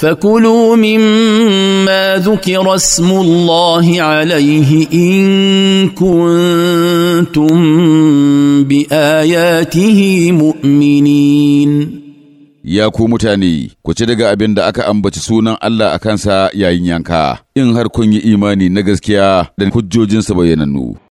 Fakulumin مما ذكر اسم الله عليه ان كنتم باياته مؤمنين ya ku mutane ku daga abin da aka ambaci sunan Allah a kansa yayin yanka in har kun yi imani na gaskiya da hujjojinsa bayyanannu